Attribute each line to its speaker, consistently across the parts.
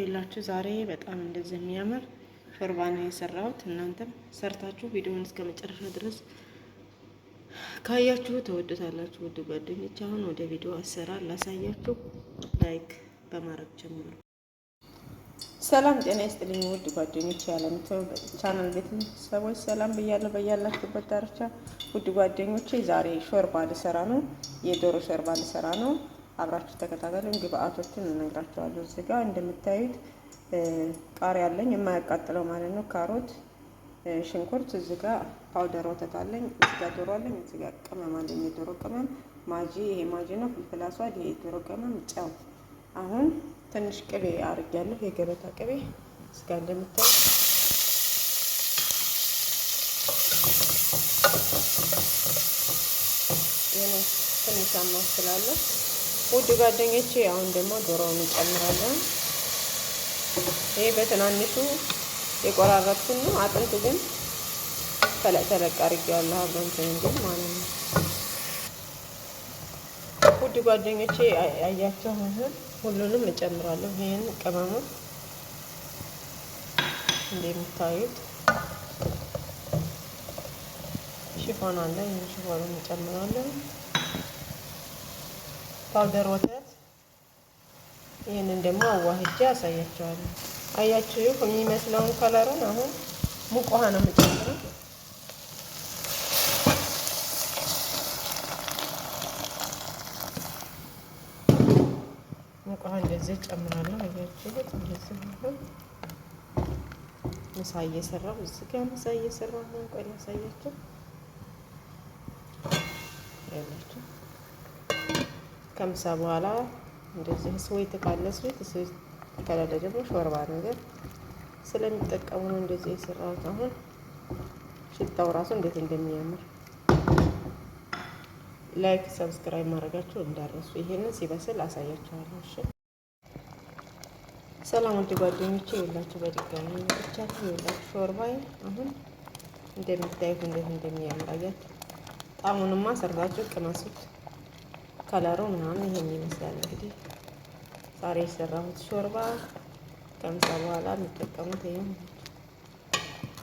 Speaker 1: ይላችሁ ዛሬ በጣም እንደዚህ የሚያምር ሾርባ ነው የሰራሁት። እናንተም ሰርታችሁ ቪዲዮውን እስከ መጨረሻ ድረስ ካያችሁ ተወዱታላችሁ። ውድ ጓደኞች፣ አሁን ወደ ቪዲዮ አሰራር ላሳያችሁ። ላይክ በማድረግ ጀምሩ።
Speaker 2: ሰላም ጤና ይስጥልኝ ውድ ጓደኞች፣ የዓለም ቻናል ቤተሰቦች ሰላም ብያለሁ በያላችሁበት ዳርቻ። ውድ ጓደኞቼ ዛሬ ሾርባ ልሰራ ነው፣ የዶሮ ሾርባ ልሰራ ነው። አብራችሁ ተከታተሉ። ግብአቶችን እነግራችኋለሁ። እዚህ ጋር እንደምታዩት ቃሪያ አለኝ የማያቃጥለው ማለት ነው። ካሮት፣ ሽንኩርት፣ እዚህ ጋር ፓውደር ወተት አለኝ። እዚህ ጋር ዶሮ አለኝ። እዚህ ጋር ቅመም አለኝ፣ የዶሮ ቅመም ማጂ፣ ይሄ ማጂ ነው። ፍልፍል አስዋድ፣ ይሄ ዶሮ ቅመም፣ ጨው። አሁን ትንሽ ቅቤ አድርጌያለሁ፣ የገበታ ቅቤ እዚህ ጋር እንደምታዩት ይህንን ትንሽ አማስላለሁ ውድ ጓደኞቼ አሁን ደግሞ ዶሮውን እንጨምራለን። ይህ በትናንሹ የቆራረጥኩት ነው። አጥንቱ ግን ተለቅ ተለቅ አድርጌዋለሁ አብረንትን እንግዲህ ማለት ነው። ውድ ጓደኞቼ አያቸው ህዝብ ሁሉንም እጨምራለሁ። ይህን ቅመሙ እንደምታዩት ሽፎን አለ። ይህን ሽፎንም እጨምራለሁ። ፓውደር ወተት። ይህንን ደግሞ አዋህጃ አሳያቸዋለሁ። አያችሁ የሚመስለውን ከለሩን። አሁን ሙቅ ውሃ ነው የምጨምረው። ሙቅ ውሃ እንደዚህ ጨምራለሁ። አያችሁ እንደዚህ ሆን ምሳ እየሰራሁ እዚህ ጋር ምሳ እየሰራሁ ነው። ቆይ ላሳያችሁ ያላችሁ ከምሳ በኋላ እንደዚህ ስዊት ካለ ስዊት ከሌለ ደግሞ ሾርባ ነገር ስለሚጠቀሙ ነው እንደዚህ የሰራሁት። አሁን ሽታው ራሱ እንዴት እንደሚያምር ላይክ፣ ሰብስክራይብ ማድረጋችሁ እንዳረሱ። ይሄንን ሲበስል አሳያችኋለሁ። እሺ፣ ሰላም ውድ ጓደኞቼ፣ የላችሁ በድጋሚ ብቻችሁ የላችሁ ሾርባዬ አሁን እንደምታዩት እንዴት እንደሚያምር አያችሁ። ጣሙንማ ሰርታችሁ ቅመሱት። ከለሩ ምናምን ይሄን ይመስላል። እንግዲህ ዛሬ የሰራሁት ሾርባ ከምሳ በኋላ የሚጠቀሙት ይሄ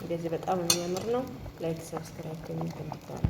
Speaker 2: እንደዚህ በጣም የሚያምር ነው። ላይክ ሰብስክራይብ ከሚል